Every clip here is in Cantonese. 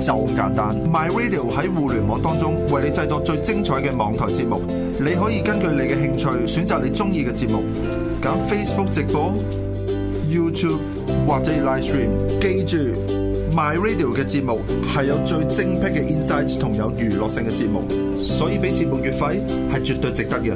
就咁簡單，My Radio 喺互聯網當中為你製作最精彩嘅網台節目，你可以根據你嘅興趣選擇你中意嘅節目，揀 Facebook 直播、YouTube 或者 Live Stream。記住，My Radio 嘅節目係有最精闢嘅 insights 同有娛樂性嘅節目，所以俾節目月費係絕對值得嘅。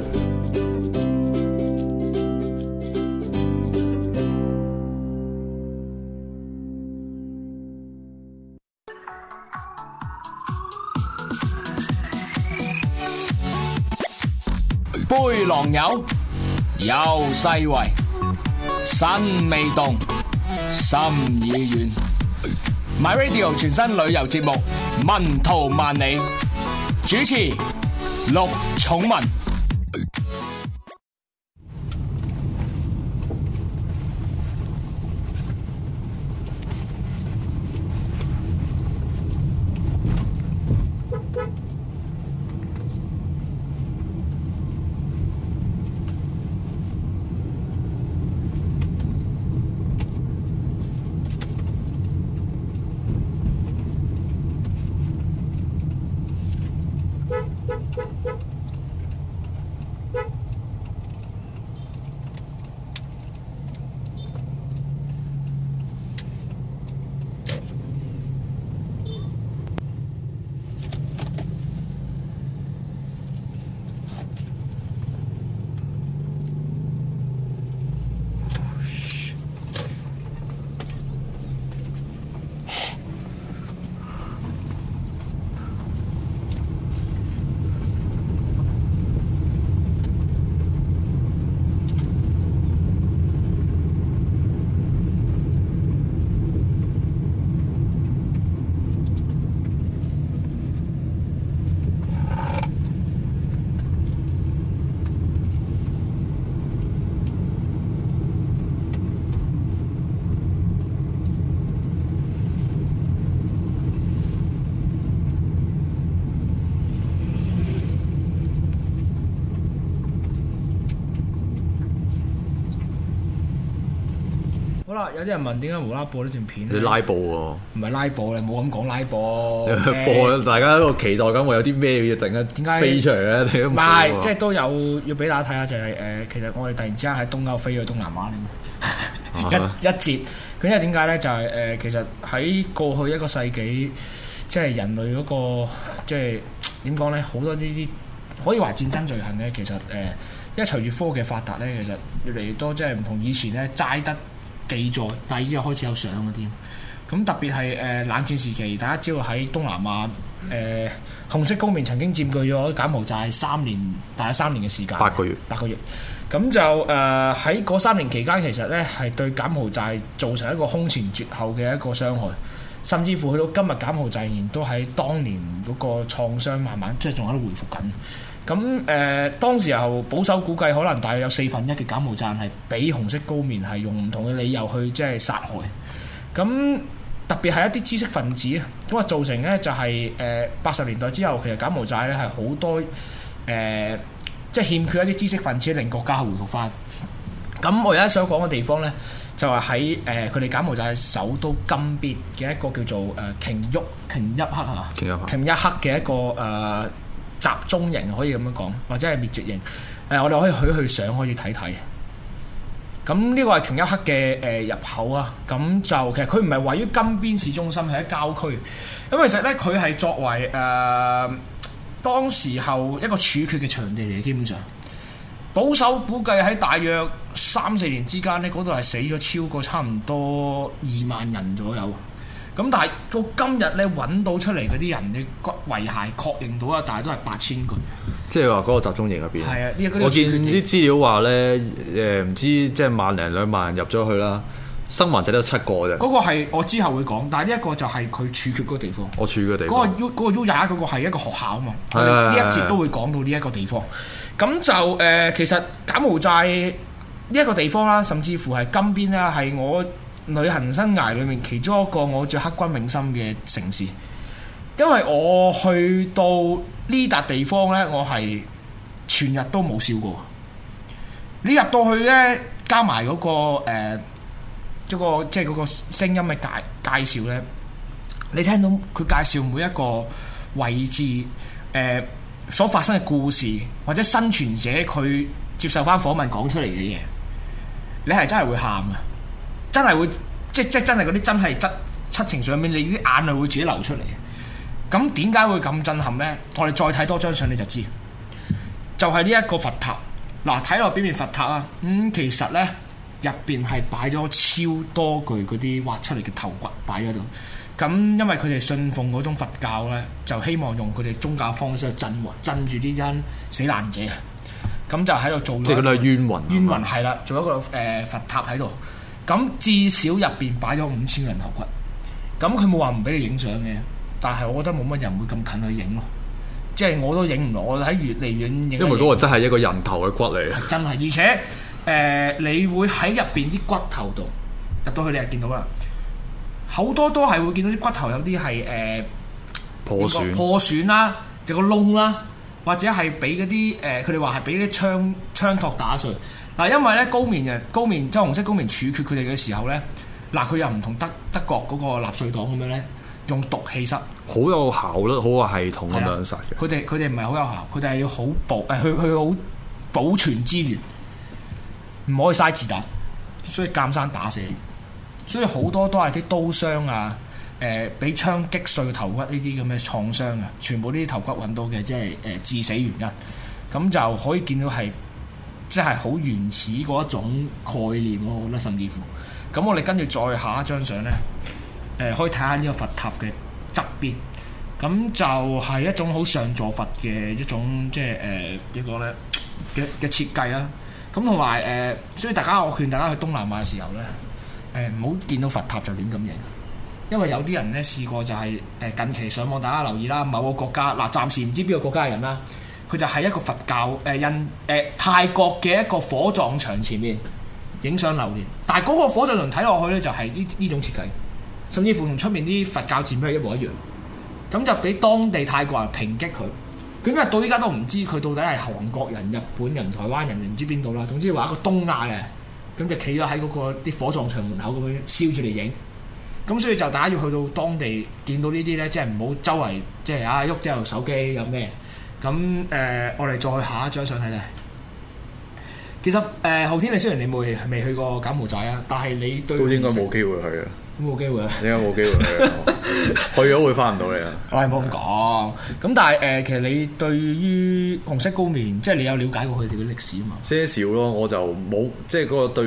有，有細圍，身未動，心已遠。My Radio 全新旅遊節目《文圖萬里》，主持：陸寵文。有啲人問，點解無啦啦播呢段片？你拉布喎，唔係拉布，你冇咁講拉布。播 大家喺度期待緊，會有啲咩嘢突然間飛出嚟咧？唔係，即係都有要俾大家睇下，就係、是、誒、呃，其實我哋突然之間喺東歐飛去東南亞嘅 一一節。咁 因為點解咧？就係、是、誒、呃，其實喺過去一個世紀，即係人類嗰、那個即係點講咧，好多呢啲可以話戰爭罪行咧。其實誒，因為隨住科技發達咧，其實越嚟越多，即係唔同以前咧，齋得。記載，但係依家開始有上嘅添。咁特別係誒冷戰時期，大家知道喺東南亞，誒、呃、紅色高棉曾經佔據咗柬埔寨三年，大約三年嘅時間。八個月，八個月。咁就誒喺嗰三年期間，其實呢係對柬埔寨造成一個空前絕後嘅一個傷害，甚至乎去到今日，柬埔寨仍然都喺當年嗰個創傷慢慢即係仲喺度回復緊。咁誒、呃，當時候保守估計可能大約有四分一嘅柬埔寨係俾紅色高棉係用唔同嘅理由去即係殺害。咁特別係一啲知識分子，咁啊造成咧就係誒八十年代之後，其實柬埔寨咧係好多誒、呃，即係欠缺一啲知識分子令國家回復翻。咁我而家想講嘅地方咧，就係喺誒佢哋柬埔寨首都金邊嘅一個叫做誒瓊、呃、邑瓊邑克係嘛？瓊邑克，嘅一,一個誒。呃集中營可以咁樣講，或者係滅絕營。誒、呃，我哋可以去去想，可以睇睇。咁呢個係瓊邑克嘅誒入口啊。咁、嗯、就其實佢唔係位於金邊市中心，係喺郊區。咁其實呢，佢係作為誒、呃、當時候一個處決嘅場地嚟。基本上保守估計喺大約三四年之間呢，嗰度係死咗超過差唔多二萬人左右。咁但係到今日咧揾到出嚟嗰啲人，你遺骸確認到啊，但係都係八千個，即係話嗰個集中營入邊。係啊，這個、個我見啲資料話咧，誒、呃、唔知即係萬零兩萬入咗去啦，生還仔都有七個啫。嗰個係我之後會講，但係呢一個就係佢處決嗰個地方。我處嘅地方。嗰個 U 嗰個 U 廿一嗰個係一個學校啊嘛。係。呢一節都會講到呢一個地方。咁就誒，其實柬埔寨呢一個地方啦，甚至乎係金邊啦，係我旅行生涯裏面其中一個我最刻骨銘心嘅城市，因為我去到呢笪地方呢，我係全日都冇笑過。你入到去呢，加埋嗰、嗰個、呃嗰個、即個即係嗰個聲音嘅介介紹呢，你聽到佢介紹每一個位置誒、呃、所發生嘅故事，或者生存者佢接受翻訪問講出嚟嘅嘢，你係真係會喊啊！真係會，即即真係嗰啲真係執七情上面，你啲眼淚會自己流出嚟。咁點解會咁震撼呢？我哋再睇多張相你就知，就係呢一個佛塔嗱。睇落表面佛塔啊，咁、嗯、其實呢，入邊係擺咗超多具嗰啲挖出嚟嘅頭骨擺喺度。咁因為佢哋信奉嗰種佛教呢，就希望用佢哋宗教方式去鎮鎮住啲人死難者。咁就喺度做個即係嗰啲冤魂冤魂係啦，做一個誒、呃、佛塔喺度。咁至少入邊擺咗五千個人頭骨，咁佢冇話唔俾你影相嘅，但係我覺得冇乜人會咁近去影咯，即係我都影唔落，我喺越嚟越遠影。因為嗰個真係一個人頭嘅骨嚟。真係，而且誒、呃，你會喺入邊啲骨頭度入到去，你就見到啦，好多都係會見到啲骨頭有啲係誒破損破損啦，有個窿啦，或者係俾嗰啲誒，佢哋話係俾啲槍槍托打碎。嗱，因為咧高棉人高棉即係紅色高棉處決佢哋嘅時候咧，嗱佢又唔同德德國嗰個納粹黨咁樣咧，用毒氣室好有效率，好有系統咁樣殺嘅。佢哋佢哋唔係好有效，佢哋係要好保誒，佢、啊、佢好保存資源，唔可以嘥子彈，所以監生打死，所以好多都係啲刀傷啊，誒、呃、俾槍擊碎頭骨呢啲咁嘅創傷啊，全部呢啲頭骨揾到嘅，即係誒致死原因，咁就可以見到係。即係好原始嗰一種概念，我覺得甚至乎。咁我哋跟住再下一張相呢，誒、呃、可以睇下呢個佛塔嘅側邊，咁就係一種好上座佛嘅一種即係誒點講呢？嘅、呃、嘅、呃、設計啦。咁同埋誒，所以大家我勸大家去東南亞嘅時候呢，誒唔好見到佛塔就亂咁影，因為有啲人呢，試過就係、是、誒、呃、近期上網大家留意啦，某個國家嗱、呃、暫時唔知邊個國家嘅人啦。佢就喺一個佛教誒印誒泰國嘅一個火葬場前面影相留念，但係嗰個火葬輪睇落去咧就係呢呢種設計，甚至乎同出面啲佛教寺廟一模一樣，咁就俾當地泰國人抨擊佢。佢因為到依家都唔知佢到底係韓國人、日本人、台灣人定唔知邊度啦，總之話一個東亞嘅，咁就企咗喺嗰個啲火葬場門口咁樣燒住嚟影。咁所以就大家要去到當地見到呢啲咧，即係唔好周圍即係啊喐咗部手機有咩。咁誒、呃，我哋再下一張相睇睇。其實誒、呃，浩天你雖然你冇未去過柬埔寨啊，但係你對都應該冇機會去啊。冇機會啊！應該冇機會去， 會去咗會翻唔到嚟啊！誒、哎，冇咁講。咁但係誒、呃，其實你對於紅色高棉，即係你有了解過佢哋嘅歷史啊嘛？些少咯，我就冇即係嗰個對，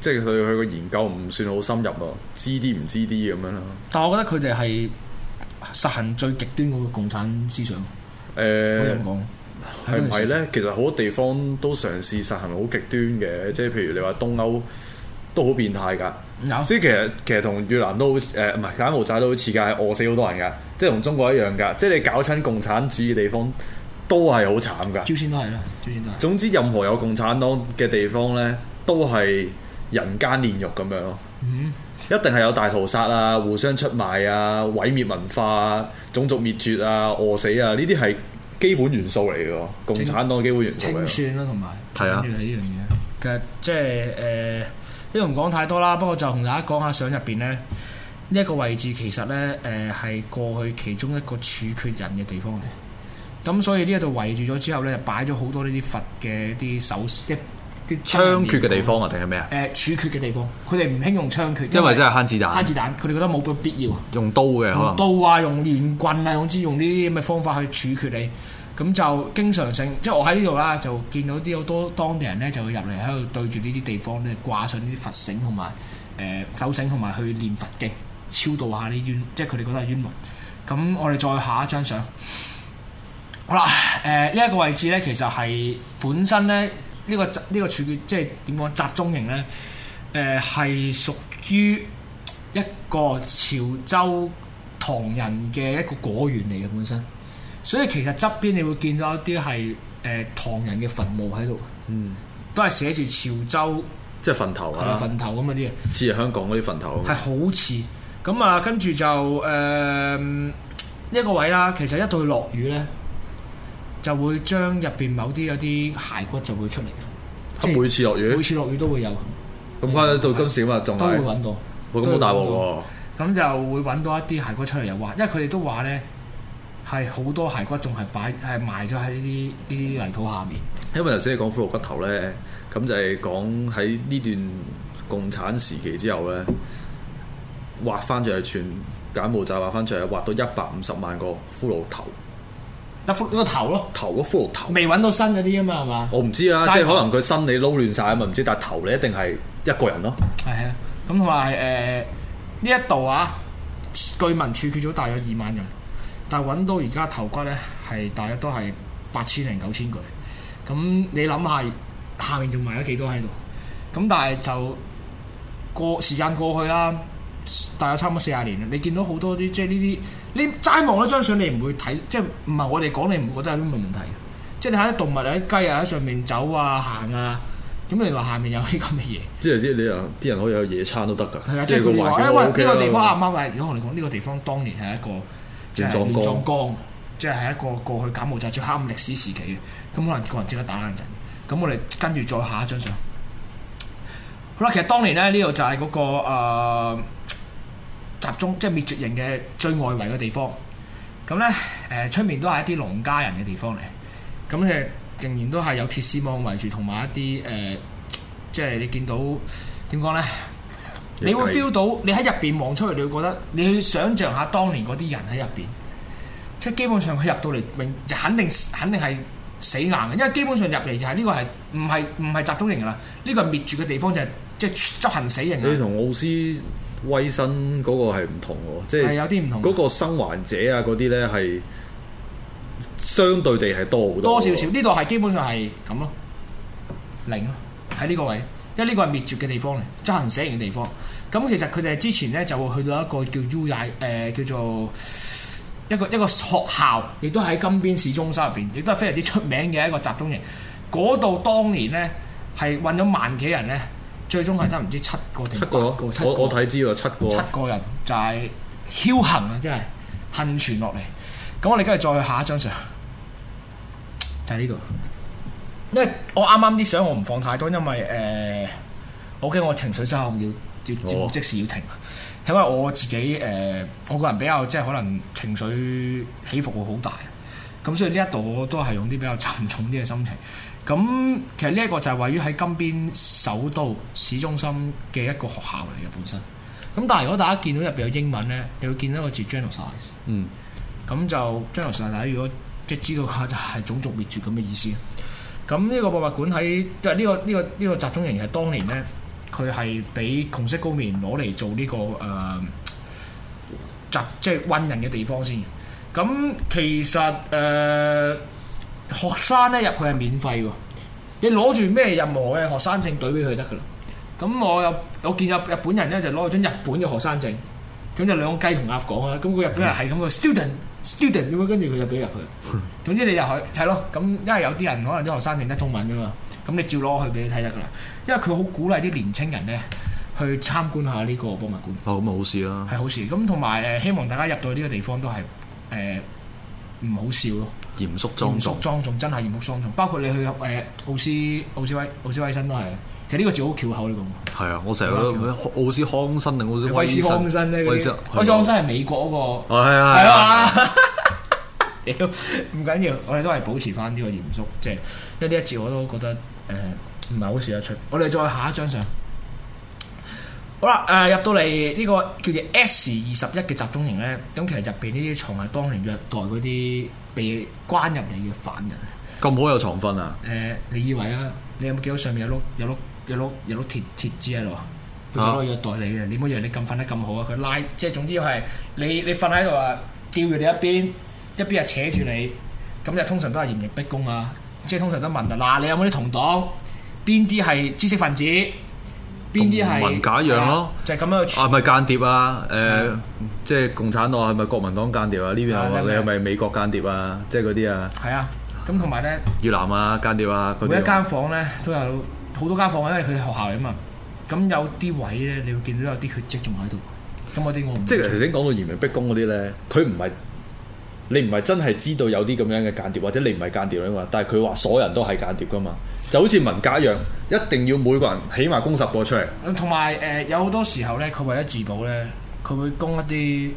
即係佢佢個對研究唔算好深入啊，知啲唔知啲咁樣啦。但係我覺得佢哋係，實行最極端嗰個共產思想。誒、呃，點講？係唔係咧？其實好多地方都嘗試實行好極端嘅，即係譬如你話東歐都好變態㗎。有、啊，所以其實其實同越南都好誒，唔係柬埔寨都好似㗎，係餓死好多人㗎。即係同中國一樣㗎。即係你搞親共產主義地方都係好慘㗎。朝鮮都係啦，朝鮮都係。總之，任何有共產黨嘅地方咧，都係人間煉獄咁樣咯。嗯。一定係有大屠殺啊，互相出賣啊，毀滅文化啊、種族滅絕啊、餓死啊，呢啲係基本元素嚟嘅喎。共產黨嘅基本元素清算咯，同埋係啊。係呢樣嘢，其實即係誒，呢度唔講太多啦。不過就同大家講下相入邊呢。呢、呢、一個位置其實呢誒係、呃、過去其中一個處決人嘅地方嚟。咁所以呢一度圍住咗之後呢，就擺咗好多呢啲佛嘅啲手。槍決嘅地方啊，定係咩啊？誒處決嘅地方，佢哋唔興用槍決，因為真係慳子彈。慳子彈，佢哋覺得冇個必要。用刀嘅刀話、啊、用連棍啊，總之用呢啲咁嘅方法去處決你，咁就經常性。即係我喺呢度啦，就見到啲好多當地人咧，就會入嚟喺度對住呢啲地方咧，掛上呢啲佛繩同埋誒手繩，同埋去念佛經，超度下呢冤，即係佢哋覺得係冤魂。咁我哋再下一張相。好啦，誒呢一個位置咧，其實係本身咧。呢個呢個處，即係點講集中營咧？誒、呃，係屬於一個潮州唐人嘅一個果園嚟嘅本身，所以其實側邊你會見到一啲係誒唐人嘅墳墓喺度，嗯，都係寫住潮州，即係墳頭啊，墳頭咁啊啲啊，似係香港嗰啲墳頭，係好似咁啊。跟住就呢一、呃呢個位啦，其實一到落雨咧。就會將入邊某啲有啲骸骨就會出嚟，即每次落雨，每次落雨都會有。咁快、嗯嗯、到，到今時今日仲都會揾到，咁好大鑊喎。咁就會揾到一啲骸骨出嚟又挖，因為佢哋都話咧係好多骸骨仲係擺係埋咗喺呢啲呢啲泥土下面。因為頭先你講骷髏骨頭咧，咁就係講喺呢段共產時期之後咧挖翻出嚟，全柬埔寨挖翻出嚟，挖到一百五十萬個骷髏頭。一幅嗰個頭咯，頭嗰個骷髏頭未揾到新嗰啲啊嘛，係嘛？我唔知啊，即係可能佢心理撈亂晒啊嘛，唔知。但係頭你一定係一個人咯。係啊，咁同埋誒呢一度啊，據聞處決咗大約二萬人，但係揾到而家頭骨咧係大約都係八千零九千具。咁你諗下，下面仲埋咗幾多喺度？咁但係就過時間過去啦，大約差唔多四十年。你見到好多啲即係呢啲。你齋望一張相，你唔會睇，即係唔係我哋講，你唔覺得有啲咩問題？即係你睇啲動物啊、啲雞啊喺上面走啊、行啊，咁你話下面有啲咁嘅嘢？即係啲你啊，啲人可以有野餐都得㗎。係啊的，即係佢哋話，呢個地方啱啱喂，如果我哋講呢個地方當年係一個亂葬崗，即係係一個過去柬埔寨最黑暗歷史時期嘅，咁可能個人即刻打冷震。咁我哋跟住再下一張相。好啦，其實當年咧，呢度就係嗰、嗰個、呃集中即係滅絕營嘅最外圍嘅地方，咁呢，誒、呃、出面都係一啲農家人嘅地方嚟，咁誒仍然都係有鐵絲網圍住，同埋一啲誒、呃，即係你見到點講呢？底你會 feel 到你喺入邊望出去，你會覺得你去想像下當年嗰啲人喺入邊，即係基本上佢入到嚟明就肯定肯定係死硬嘅，因為基本上入嚟就係呢個係唔係唔係集中營㗎喇，呢、這個係滅絕嘅地方就係、是、即係執行死刑。你同奧斯？威生嗰個係唔同，即係有啲唔同。嗰個生還者啊，嗰啲呢，係相對地係多好多，多少少。呢度係基本上係咁咯，零咯喺呢個位，因為呢個係滅絕嘅地方嚟，執行死刑嘅地方。咁其實佢哋之前呢，就會去到一個叫 U 也誒、呃，叫做一個一個學校，亦都喺金邊市中心入邊，亦都係非常之出名嘅一個集中營。嗰度當年呢，係揾咗萬幾人呢。最終係得唔知七個定八個，我我睇知喎，七個七個人就係僥倖啊，真係幸存落嚟。咁我哋跟住再去下一張相，就喺呢度。因為我啱啱啲相我唔放太多，因為誒，O K，我，我情緒失控，要節目即時要停，哦、因為我自己誒、呃，我個人比較即係可能情緒起伏會好大，咁所以呢一度我都係用啲比較沉重啲嘅心情。咁其實呢一個就係位於喺金邊首都市中心嘅一個學校嚟嘅本身。咁但係如果大家見到入邊有英文咧，你會見到一個字 genocide、嗯。嗯。咁就 genocide，大家如果即係知道下就係種族滅絕咁嘅意思。咁呢個博物館喺，因為呢個呢、呢個呢、呢個集中營係當年咧，佢係俾紅色高棉攞嚟做呢、呢個誒集、呃，即係韞人嘅地方先。咁其實誒。呃學生咧入去係免費喎，你攞住咩任何嘅學生證對俾佢得噶啦。咁我又我見有日本人咧就攞咗張日本嘅學生證，咁就兩個雞同鴨講啊。咁個日本人係咁嘅 student student，咁樣跟住佢就俾入去。嗯、總之你入去睇咯，咁因為有啲人可能啲學生證得中文噶嘛，咁你照攞去俾佢睇得噶啦。因為佢好鼓勵啲年青人咧去參觀下呢個博物館。好咁、哦、好事啦、啊，係好事。咁同埋誒希望大家入到呢個地方都係誒唔好笑咯。嚴肅莊重，莊重，真係嚴肅莊重。包括你去誒奧、呃、斯奧斯威奧斯威辛都係，其實呢個字好翹口嚟噶。係啊，我成日覺得奧斯康辛定奧斯威辛呢？奧斯康辛係斯些美國嗰、那個，係啊、哎呀，係啊吧！唔緊要，我哋都係保持翻呢個嚴肅，即係因為呢一節我都覺得誒唔係好笑得出。我哋再下一張相，好啦，誒、呃、入到嚟呢個叫做 S 二十一嘅集中營咧，咁其實入邊呢啲床係當年虐待嗰啲。被關入嚟嘅犯人咁好有床瞓啊？誒、呃，你以為啊？你有冇見到上面有碌有碌有碌有碌鐵鐵枝喺度？佢想攞嚟虐待你嘅。你唔好以為你咁瞓得咁好啊？佢拉，即係總之係你你瞓喺度啊，吊住你一邊，一邊又扯住你，咁就通常都係嚴刑逼供啊，即係通常都問啊，嗱，你有冇啲同黨？邊啲係知識分子？邊啲係文假樣咯？就係咁樣啊？唔係間諜啊？誒、啊，呃啊嗯，即係共產黨係咪國民黨間諜啊？呢邊啊，你係咪美國間諜啊？即係嗰啲啊？係啊，咁同埋咧，越南啊，間諜啊，每一間房咧都有好多間房，因為佢學校啊嘛。咁有啲位咧，你會見到有啲血跡仲喺度。咁嗰啲我唔即係頭先講到嚴刑逼供嗰啲咧，佢唔係你唔係真係知道有啲咁樣嘅間諜，或者你唔係間諜啊嘛？但係佢話所有人都係間諜噶嘛？就好似文革一樣，一定要每個人起碼供十個出嚟。同埋誒，有好多時候咧，佢為咗自保咧，佢會供一啲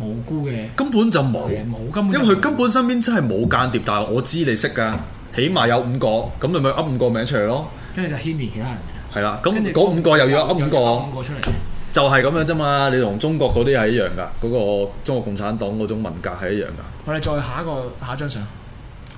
無辜嘅，根本就冇冇根本。因為佢根本身邊真係冇間諜，但係我知你識噶，起碼有五個，咁咪咪噏五個名出嚟咯。跟住就牽連其他人。係啦，咁嗰五個又要噏五個，有有五個出嚟。就係咁樣啫嘛，你同中國嗰啲係一樣噶，嗰個中國共產黨嗰種文革係一樣噶。我哋再下一個下一張相。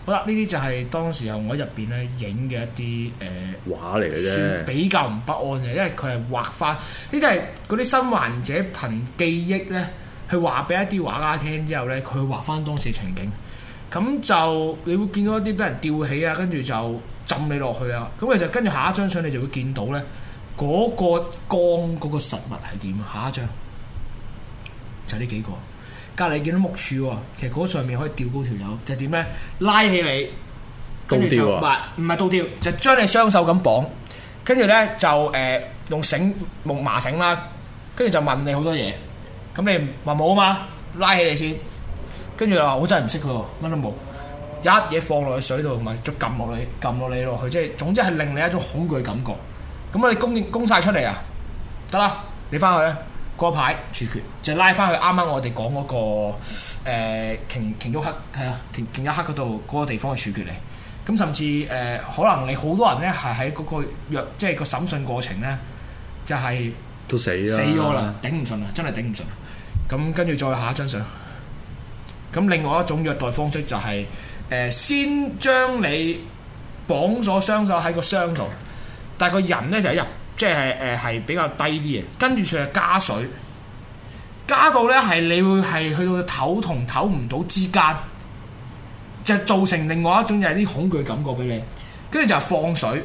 好啦，呢啲就係當時候我入邊咧影嘅一啲誒、呃、畫嚟嘅啫，算比較唔不安嘅，因為佢係畫翻呢啲係嗰啲生還者憑記憶咧去話俾一啲畫家聽之後咧，佢畫翻當時情景。咁就你會見到一啲俾人吊起啊，跟住就浸你落去啊。咁其實跟住下一張相你就會見到咧嗰個缸嗰個實物係點啊？下一張就呢、係、幾個。隔籬見到木柱，其實嗰上面可以吊高條友，就係點咧拉起你，高吊，唔係唔係倒吊，就將你雙手咁綁，跟住咧就誒，呃，用繩木麻繩啦，跟住就問你好多嘢，咁你話冇啊嘛，拉起你先，跟住又話我真係唔識噶，乜都冇，一嘢放落去水度，同埋再撳落你撳落你落去，即係總之係令你一種恐懼感覺，咁啊你供供晒出嚟啊，得啦，你翻去啦。嗰牌處決，就拉翻去。啱啱我哋講嗰個誒，瓊瓊邑克係啊，瓊瓊邑克嗰度嗰個地方嘅處決嚟，咁甚至誒、呃、可能你好多人咧係喺嗰個即係個審訊過程咧就係、是、都死啦，死咗了啦、啊、頂唔順啦，真係頂唔順。咁跟住再下一張相，咁另外一種虐待方式就係、是、誒、呃、先將你綁咗雙手喺個箱度，但係個人咧就入。即係誒係比較低啲嘅，跟住上係加水，加到咧係你會係去到唞同唞唔到之間，就造成另外一種係啲恐懼感覺俾你。跟住就放水，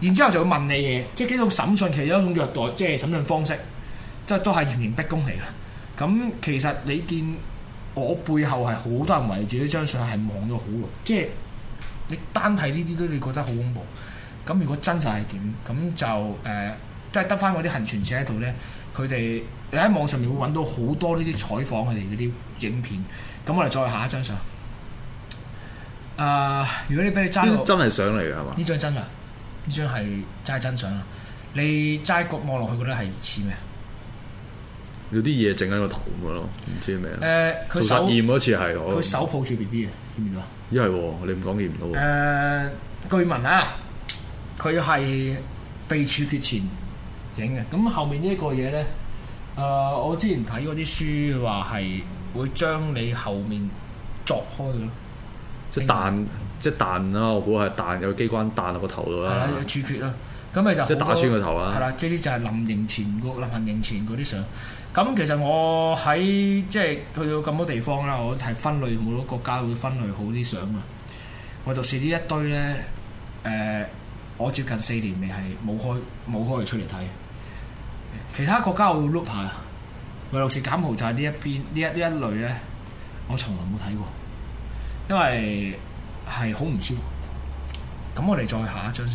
然之後就會問你嘢，即係幾種審訊其中一種虐待，即係審訊方式，即係都係嚴刑逼供嚟啦。咁其實你見我背後係好多人圍住呢張相，係望咗好耐，即係你單睇呢啲都你覺得好恐怖。咁如果真實係點咁就誒，都係得翻嗰啲幸存者喺度咧。佢哋你喺網上面會揾到好多呢啲採訪佢哋嗰啲影片。咁我哋再下一張相啊、呃！如果你俾你揸到真係相嚟嘅係嘛？呢張真啦，呢吧張係齋真相啦。你齋個望落去，覺得係似咩有啲嘢整喺個頭咁嘅咯，唔知咩誒？呃、做實驗嗰次係佢手抱住 B B 嘅，見唔到因為喎，你唔講見唔到喎。誒、呃，據聞啊！佢係被處決前影嘅，咁後面呢一個嘢咧，誒、呃，我之前睇過啲書話係會將你後面鑿開咯，即彈成即彈啦，我估係彈有機關彈落個頭度啦。係啦，處決啦，咁咪就即打穿個頭啊。係啦，即啲就係臨刑前個臨行刑前嗰啲相。咁其實我喺即係去到咁多地方啦，我係分類好多國家會分類好啲相啊。我就試呢一堆咧，誒、呃。呃我接近四年未係冇開冇開，開出嚟睇，其他國家我會 look 下，尤其是減毛債柬埔寨呢一邊呢一呢一類咧，我從來冇睇過，因為係好唔舒服。咁我哋再下一張先，呢、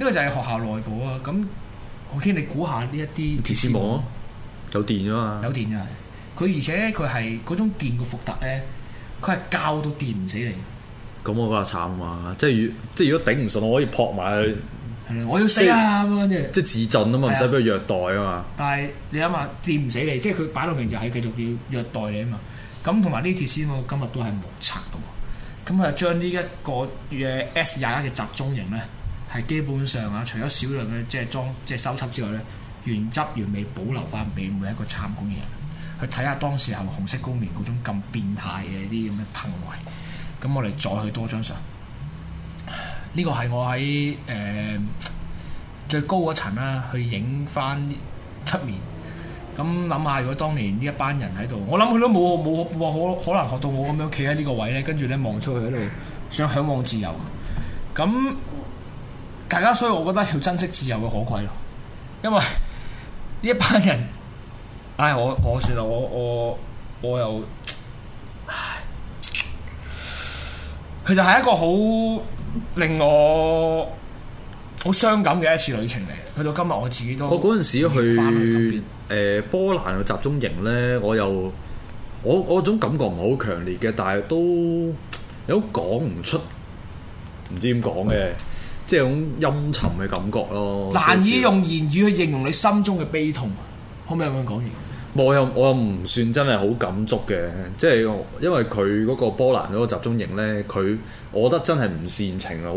這個就係學校內部啊。咁我聽你估下呢一啲鐵絲網，有電啊嘛，有電啊，佢而且佢係嗰種電嘅伏特咧，佢係教到電唔死你。咁我嗰下慘啊！即係如即係如果頂唔順，我可以撲埋去，我要死啊！咁樣即係自盡啊嘛，唔使俾佢虐待啊嘛。但係你諗下，掂唔死你，即係佢擺到明就係繼續要虐待你啊嘛。咁同埋呢條線我今日都係目測嘅喎。咁啊，將呢一個嘅 S 廿一嘅集中營咧，係基本上啊，除咗少量嘅即係裝即係收執之外咧，原汁原味保留翻俾每一個參觀嘅人去睇下當時候紅色高棉嗰種咁變態嘅一啲咁嘅行為。咁我哋再去多張相，呢個係我喺誒、呃、最高嗰層啦，去影翻出面。咁諗下，如果當年呢一班人喺度，我諗佢都冇冇話好好難學到我咁樣企喺呢個位咧，跟住咧望出去喺度想嚮往自由。咁大家所以，我覺得要珍惜自由嘅可貴咯。因為呢一班人，唉，我我算啦，我我我又。佢就係一個好令我好傷感嘅一次旅程嚟嘅。去到今日我自己都我嗰陣時去誒、呃、波蘭嘅集中營咧，我又我我種感覺唔係好強烈嘅，但係都有種講唔出，唔知點講嘅，嗯、即係有種陰沉嘅感覺咯，難以用言語去形容你心中嘅悲痛。可唔可以咁樣講完？我又我又唔算真係好感觸嘅，即係因為佢嗰個波蘭嗰個集中營呢，佢我覺得真係唔煽情啊，好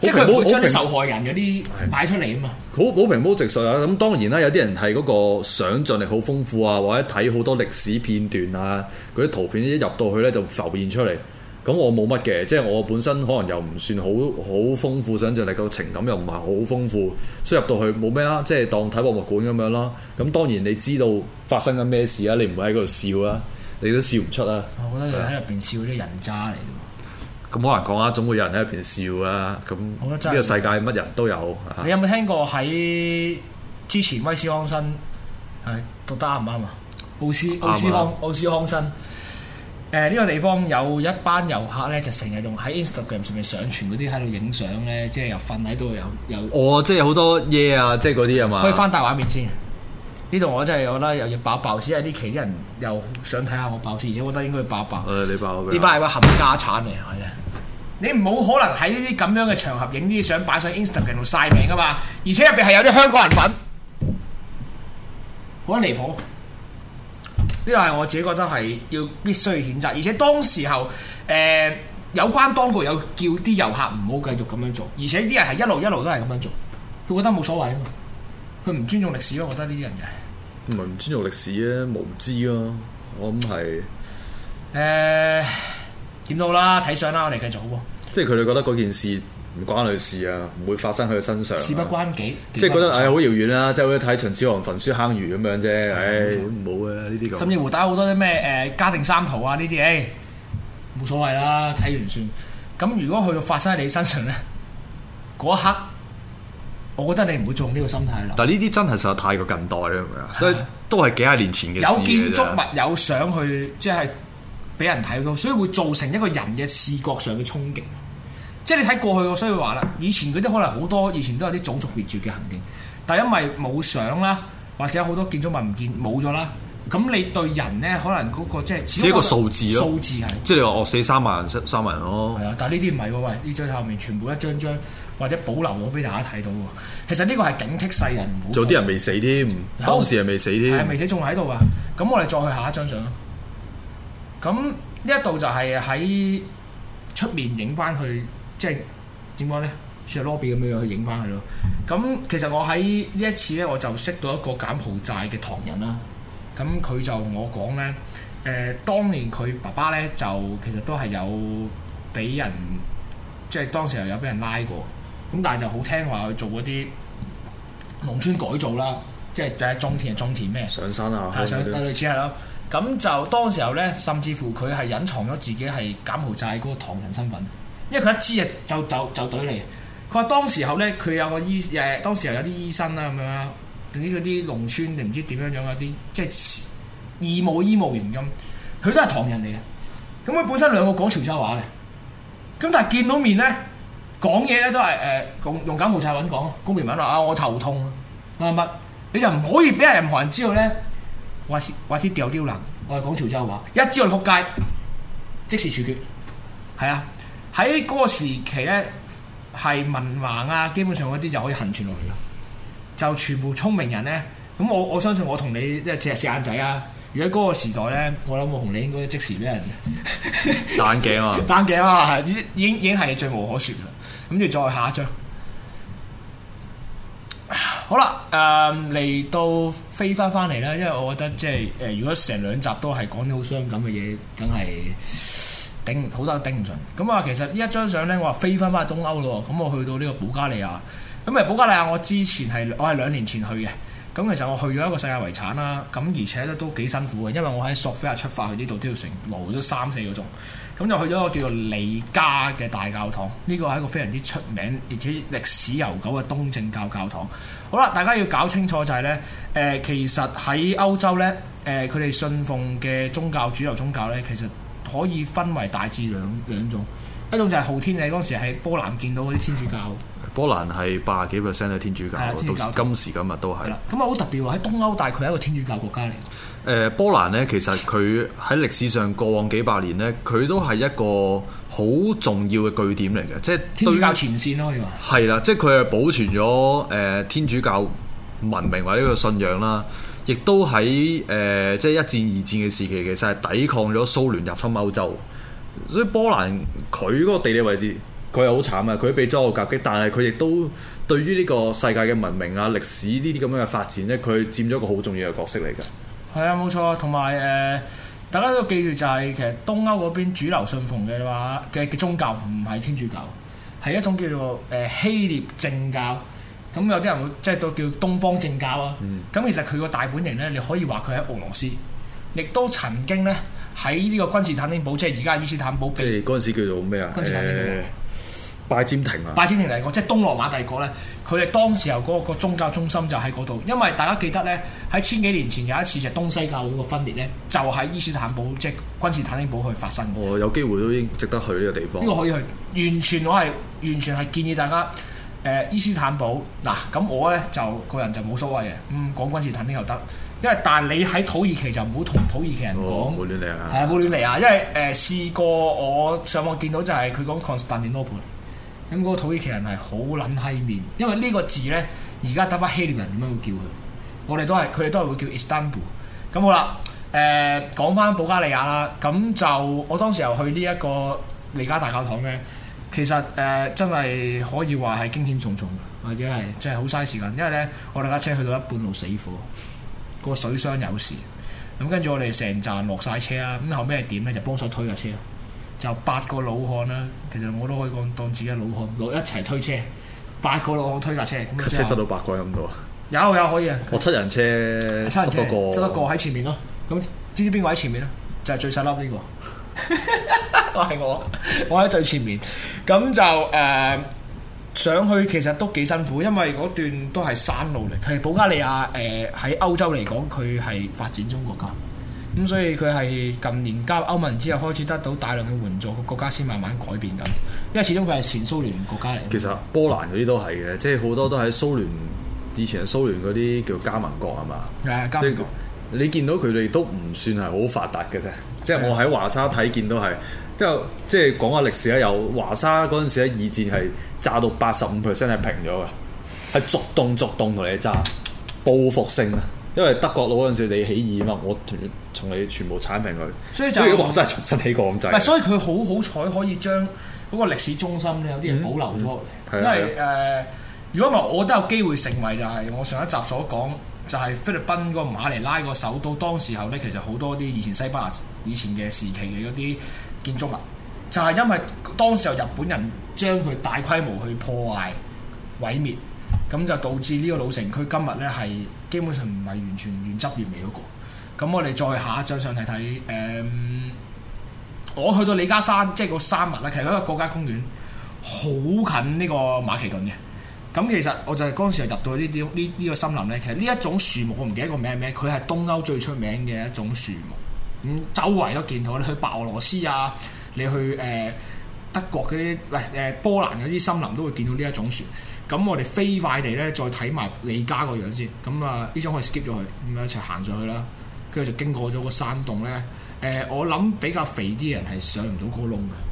即係佢冇將受害人嗰啲擺出嚟啊嘛，好冇名冇直述啊。咁當然啦，有啲人係嗰個想像力好豐富啊，或者睇好多歷史片段啊，嗰啲圖片一入到去呢，就浮現出嚟。咁我冇乜嘅，即係我本身可能又唔算好好豐富，想像力個情感又唔係好豐富，所以入到去冇咩啦，即係當睇博物館咁樣咯。咁當然你知道發生緊咩事啊？你唔會喺度笑啊，你都笑唔出啊。我覺得你喺入邊笑啲人渣嚟㗎。咁好難講啊，總會有人喺入邊笑啊。咁呢個世界乜人都有。你有冇聽過喺之前威斯康辛，誒，an, 讀得啱唔啱啊？奧斯，啊，奧斯康，啊，奧斯康辛。啊誒，呢、呃，這個地方有一班遊客咧，就成日用喺 Instagram 上面上傳嗰啲喺度影相咧，即係又瞓喺度有。有，哦，即係好多嘢啊，即係嗰啲啊嘛。可以翻大畫面先，呢度我真係覺得又要爆爆，因有啲企啲人又想睇下我爆先，而且我覺得應該要爆爆。誒、啊，你爆好班係個冚家鏟嚟，係啊！你冇可能喺呢啲咁樣嘅場合影啲相擺上 Instagram 度晒命啊嘛，而且入邊係有啲香港人份，好離譜。呢個係我自己覺得係要必須譴責，而且當時候誒、呃、有關當局有叫啲遊客唔好繼續咁樣做，而且啲人係一路一路都係咁樣做，佢覺得冇所謂啊嘛，佢唔尊重歷史咯，我、呃、我覺得呢啲人嘅唔係唔尊重歷史啊，無知咯，我諗係誒點到啦，睇相啦，我哋繼續好喎，即係佢哋覺得嗰件事。唔關佢事啊，唔會發生喺佢身上，啊。事不關己，即係覺得唉，好遙遠啦，即係好似睇秦始皇焚書坑儒咁樣啫，唉，唔好啊呢啲咁。甚至乎打好多啲咩誒，嘉定三屠啊呢啲，唉，冇所謂啦，睇完算。咁如果佢發生喺你身上咧，嗰一刻，我覺得你唔會做呢個心態啦。但係呢啲真係實在太過近代啦，啊、都都係幾廿年前嘅事嘅。有建築物有相去，即係俾人睇到，所以會造成一個人嘅視覺上嘅衝擊。即係你睇過去我所以話啦，以前佢都可能好多，以前都有啲種族滅絕嘅行徑，但係因為冇相啦，或者好多建築物唔見冇咗啦，咁你對人咧可能嗰個即係一個數字咯，數字係，即係你話我死三萬人三萬人咯，係啊，但係呢啲唔係喎，喂，呢張後面全部一張張或者保留咗俾大家睇到喎，其實呢個係警惕世人唔好做啲人未死添，當時係未死添，係未死仲喺度啊，咁我哋再去下一張相咯，咁呢一度就係喺出面影翻去。即係點講咧？似係 lobby 咁樣去影翻佢咯。咁 其實我喺呢一次咧，我就識到一個柬埔寨嘅唐人啦。咁佢就同我講咧，誒、呃，當年佢爸爸咧就其實都係有俾人，即係當時候有俾人拉過。咁但係就好聽話去做嗰啲農村改造啦，即係第一種田種田咩？上山啊？係啊，類似係咯。咁就當時候咧，甚至乎佢係隱藏咗自己係柬埔寨嗰個唐人身份。因為佢一知啊就就就隊嚟，佢話當時候咧佢有個醫誒，當時候有啲醫生啦咁樣啦，定啲嗰啲農村定唔知點樣樣嗰啲，即係義務義務型咁，佢都係唐人嚟嘅。咁佢本身兩個講潮州話嘅，咁但係見到面咧講嘢咧都係誒、呃、用用柬埔寨文講，高明文話啊我頭痛啊乜，乜，你就唔可以俾阿任何人知道咧，話事啲掉刁難，丟丟我係講潮州話，一知去撲街，即時處決，係啊！喺嗰個時期咧，係文盲啊，基本上嗰啲就可以幸存落嚟咯。就全部聰明人咧，咁我我相信我同你即係四眼仔啊！如果嗰個時代咧，我諗我同你應該即時俾人戴眼鏡啊！戴眼鏡啊！已經已經係最無可説啦。咁跟住再下一張。好啦，誒、呃、嚟到飛翻翻嚟啦，因為我覺得即係誒、呃，如果成兩集都係講啲好傷感嘅嘢，梗係～頂好多都頂唔順，咁啊其實呢一張相咧，我話飛翻翻去東歐咯，咁我去到呢個保加利亞，咁誒保加利亞我之前係我係兩年前去嘅，咁其實我去咗一個世界遺產啦，咁而且咧都幾辛苦嘅，因為我喺索菲亞出發去呢度都要成路咗三四個鐘，咁就去咗一個叫做里拉嘅大教堂，呢個係一個非常之出名而且歷史悠久嘅東正教教堂。好啦，大家要搞清楚就係、是、咧，誒、呃、其實喺歐洲咧，誒佢哋信奉嘅宗教主流宗教咧，其實，可以分為大致兩兩種，一種就係浩天你當時喺波蘭見到嗰啲天主教，波蘭係八十幾 percent 係天主教，主教到今時今日都係。咁啊好特別喎，喺東歐大概係一個天主教國家嚟。誒、呃、波蘭咧，其實佢喺歷史上過往幾百年咧，佢都係一個好重要嘅據點嚟嘅，即係天主教前線咯，可以話。係啦，即係佢係保存咗誒、呃、天主教文明或者個信仰啦。亦都喺誒、呃，即係一戰、二戰嘅時期，其實係抵抗咗蘇聯入侵歐洲。所以波蘭佢嗰個地理位置，佢係好慘啊，佢俾三個夾擊。但係佢亦都對於呢個世界嘅文明啊、歷史呢啲咁樣嘅發展咧，佢佔咗一個好重要嘅角色嚟㗎。係啊，冇錯。同埋誒，大家都記住就係、是、其實東歐嗰邊主流信奉嘅話嘅宗教唔係天主教，係一種叫做誒、呃、希臘正教。咁有啲人會即係都叫東方正教啊，咁、嗯、其實佢個大本營咧，你可以話佢喺俄羅斯，亦都曾經咧喺呢個君士坦丁堡，即係而家伊斯坦堡。即係嗰陣時叫做咩啊？君士坦丁堡、欸、拜占庭啊！拜占庭帝國，即係東羅馬帝國咧，佢哋當時候嗰個宗教中心就喺嗰度，因為大家記得咧，喺千幾年前有一次就東西教會個分裂咧，就喺伊斯坦堡，即係君士坦丁堡去發生。我有機會都已經值得去呢個地方。呢個可以去，完全我係完全係建議大家。誒、呃、伊斯坦堡嗱，咁我咧就個人就冇所謂嘅。嗯，講君士坦丁又得，因為但係你喺土耳其就唔好同土耳其人講，冇亂嚟啊，係冇亂嚟啊，因為誒、呃、試過我上網見到就係佢講 Constantinople，咁嗰土耳其人係好撚閪面，因為呢個字咧而家得翻希臘人點樣會叫佢，我哋都係佢哋都係會叫 Istanbul，咁好啦，誒、呃、講翻保加利亞啦，咁就我當時又去呢一個利加大教堂咧。其實誒、呃、真係可以話係驚險重重，或者係真係好嘥時間。因為咧，我哋架車去到一半路死火，個水箱有事。咁跟住我哋成站落晒車啦。咁後尾係點咧？就幫手推架車，就八個老漢啦。其實我都可以講當自己嘅老漢，落一齊推車。八個老漢推架車。架車塞到八個咁多？啊！有有可以。我七人車，七人車，收得過，收得過喺前面囉。咁知知邊個喺前面咧？就係最細粒呢個。係 我，我，我喺最前面。咁就誒、呃、上去，其實都幾辛苦，因為嗰段都係山路嚟。其實保加利亞誒喺歐洲嚟講，佢係發展中國家。咁所以佢係近年加入歐盟之後，開始得到大量嘅援助，個國家先慢慢改變緊。因為始終佢係前蘇聯國家嚟。其實波蘭嗰啲都係嘅，即係好多都係蘇聯以前，係蘇聯嗰啲叫加盟國係嘛？係加盟國。你見到佢哋都唔算係好發達嘅啫。即係我喺華沙睇見都係，即係即係講下歷史咧。有華沙嗰陣時咧，二戰係炸到八十五 percent 係平咗嘅，係逐棟逐棟同你炸，報復性啊！因為德國佬嗰陣時你起義啊嘛，我同同你全部鏟平佢。所以就華沙重新起過咁滯。所以佢好好彩可以將嗰個歷史中心咧有啲嘢保留咗嚟。嗯嗯、因為誒，如果唔係我都有機會成為就係、是、我上一集所講。就係菲律賓個馬尼拉個首都，當時候呢，其實好多啲以前西班牙以前嘅時期嘅嗰啲建築物，就係、是、因為當時候日本人將佢大規模去破壞毀滅，咁就導致呢個老城區今日呢係基本上唔係完全原汁原味嗰個。咁我哋再下一張相睇睇，誒、嗯，我去到里拉山，即係個山脈啦，其實嗰個國家公園好近呢個馬其頓嘅。咁其實我就係嗰陣時入到呢啲呢呢個森林咧，其實呢一種樹木我唔記得個名係咩，佢係東歐最出名嘅一種樹木。咁、嗯、周圍都見到你去白俄羅斯啊，你去誒、呃、德國嗰啲，喂、呃、誒波蘭嗰啲森林都會見到呢一種樹。咁、嗯、我哋飛快地咧再睇埋你家個樣先。咁、嗯、啊呢種可以 skip 咗佢，咁樣一齊行上去啦。跟住就經過咗個山洞咧。誒、呃、我諗比較肥啲人係上唔到個窿嘅。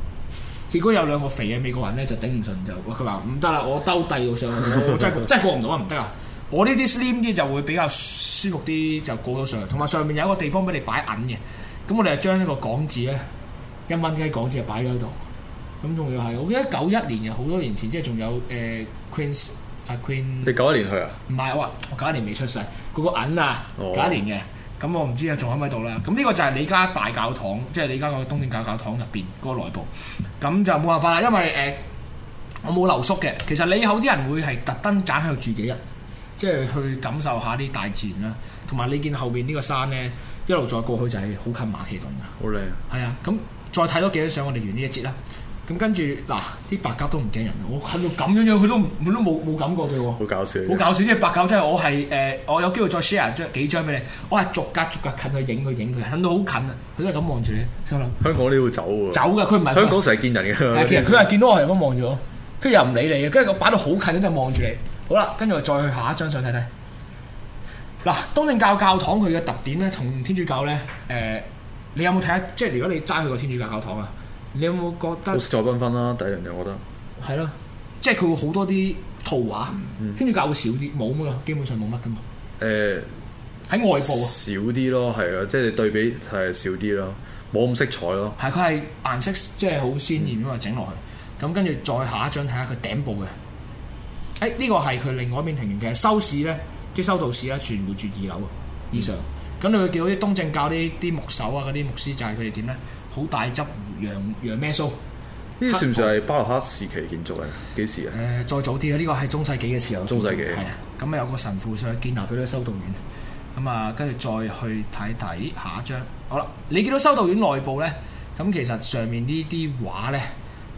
結果有兩個肥嘅美國人咧就頂唔順就，哇！佢話唔得啦，我兜低到上去， 真係真係過唔到啊，唔得啊！我呢啲 slim 啲就會比較舒服啲，就過到上去。同埋上面有一個地方俾你擺銀嘅，咁我哋就將呢個港紙咧一蚊雞港紙就擺咗喺度。咁仲要係我記得九一年嘅，好多年前，即係仲有誒、呃、Queen 阿、啊、Queen。你九一年去啊？唔係，我九一年未出世，嗰、那個銀啊，九一年嘅。哦。咁我唔知啊，仲喺唔喺度啦。咁、嗯、呢、嗯嗯、個就係里拉大教堂，即係里拉個東正教教堂入邊嗰個內部。咁、嗯嗯嗯、就冇辦法啦，因為誒、呃、我冇留宿嘅。其實你有啲人會係特登揀喺度住幾日，即、就、係、是、去感受下啲大自然啦。同埋你見後邊呢個山咧，一路再過去就係好近馬其頓噶。好靚、嗯。係、嗯、啊，咁、嗯、再睇多幾張相，我哋完呢一節啦。咁跟住嗱，啲白鴿都唔驚人啊！我近到咁樣樣，佢都都冇冇感覺對我。好搞笑！好搞笑！呢啲白鴿真係我係誒、呃，我有機會再 share 張幾張俾你。我係逐格逐格近佢影佢影佢，近到好近啊！佢都係咁望住你，想，想香港都要走喎。走㗎，佢唔係。香港成日係見人嘅。誒，見佢係見到我係咁望住我，跟住又唔理你嘅，跟住我擺到好近都係望住你。好啦，跟住我再去下一張相睇睇。嗱，東正教教堂佢嘅特點咧，同天主教咧，誒、呃，你有冇睇下？即係如果你齋去個天主教教堂啊？你有冇覺得？色彩繽紛啦，第一樣嘢，我覺得係咯， 即係佢會好多啲圖畫，跟住教會少啲冇咁咯，基本上冇乜噶嘛。誒、嗯，喺外部啊，少啲咯，係啊，即、就、係、是、對比係少啲咯，冇咁色彩咯。係佢係顏色，即係好鮮豔咁嘛，整落、嗯、去咁，嗯、跟住再下一張睇下佢頂部嘅。誒、欸、呢、這個係佢另外一面庭園嘅收市咧，即係收道市咧，全部住二樓以上。咁、嗯嗯、你會見到啲東正教啲啲牧手啊，嗰啲牧師就係佢哋點咧，好大執。羊羊咩蘇？呢啲算唔算係巴洛克時期建築嚟？幾時啊？誒、呃，再早啲啦，呢個係中世紀嘅時候。中世紀。咁啊，有個神父想建立佢啲修道院。咁啊，跟住再去睇睇下一張。好啦，你見到修道院內部咧？咁其實上面呢啲畫咧，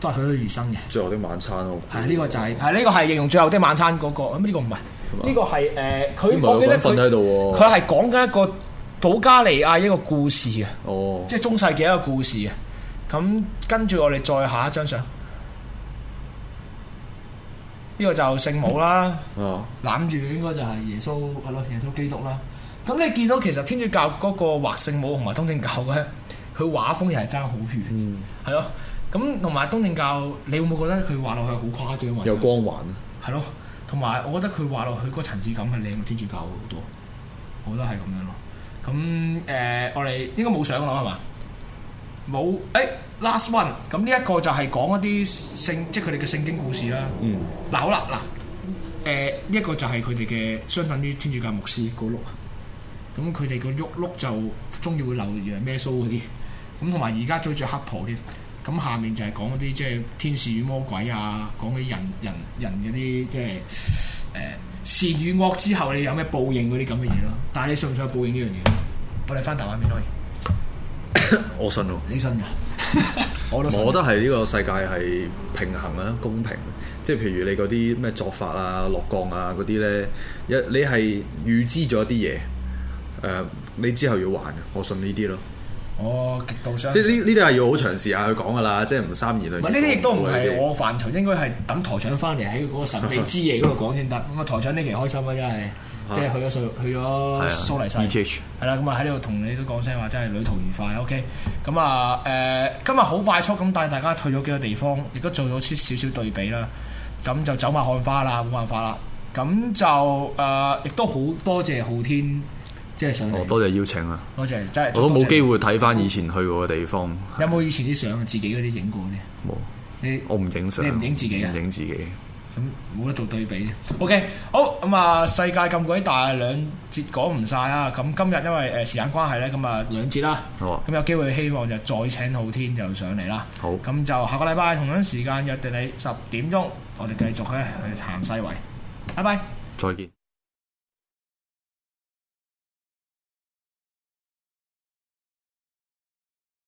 都係栩栩如生嘅。最後的晚餐咯。係呢、這個就係、是，係呢、啊這個係形容最後的晚餐嗰、那個。咁、啊、呢、這個唔係，呢嗎個係誒，佢、呃、我覺得佢係講緊一個保加利亞一個故事嘅，哦，oh. 即係中世紀一個故事嘅。咁跟住我哋再下一張相，呢、這個就聖母啦，攬住嘅應該就係耶穌係咯，耶穌基督啦。咁、嗯、你見到其實天主教嗰個畫聖母同埋東正教咧，佢畫風又係差好遠，係咯、嗯。咁同埋東正教，你會唔會覺得佢畫落去好誇張啊？有光環咯，係咯。同埋我覺得佢畫落去嗰層次感係靚過天主教好多，我覺得係咁樣咯。咁誒、呃，我哋應該冇相攞係嘛？冇，誒、哎、last one，咁呢一個就係講一啲聖，即係佢哋嘅聖經故事啦。嗱、mm. 好啦，嗱，誒呢一個就係佢哋嘅相等於天主教牧師個碌，咁佢哋個鬱碌就中意會留耶穌嗰啲，咁同埋而家追住黑婆添。咁、嗯、下面就係講一啲即係天使與魔鬼啊，講啲人人人嗰啲即係誒、呃、善與惡之後你有咩報應嗰啲咁嘅嘢咯。但係你信唔信有報應呢樣嘢？ 我哋翻大畫面可以。我信咯，你信噶、啊？ 我都信，我覺得係呢個世界係平衡啊，公平啊。即係譬如你嗰啲咩作法啊、落降啊嗰啲咧，呢你預一你係預知咗啲嘢，誒、呃，你之後要還嘅，我信呢啲咯。我極度相信，即係呢呢啲係要好長時間去講噶啦，即係唔三言兩語。唔係呢啲亦都唔係我範疇，應該係等台長翻嚟喺嗰個神秘之夜嗰度講先得。咁啊，台長呢期開心啊，真係。即係去咗蘇，去咗蘇黎世，係啦。咁啊喺呢度同你都講聲話，真係旅途愉快。OK，咁啊誒，今日好快速咁帶大家去咗幾個地方，亦都做咗少少對比啦。咁就走馬看花啦，冇辦法啦。咁就誒，亦都好多謝浩天，即係上嚟。多謝邀請啊！多謝真係我都冇機會睇翻以前去過嘅地方。有冇以前啲相？自己嗰啲影過嘅？冇。我唔影相。你唔影自己嘅？影自己。咁冇得做對比。OK，好咁啊！世界咁鬼大，兩節講唔晒啊！咁今日因為誒時間關係咧，咁啊兩節啦。哦，咁有機會希望就再請浩天就上嚟啦。好，咁就下個禮拜同樣時間約定你十點鐘，我哋繼續咧去談西圍。拜拜，再見。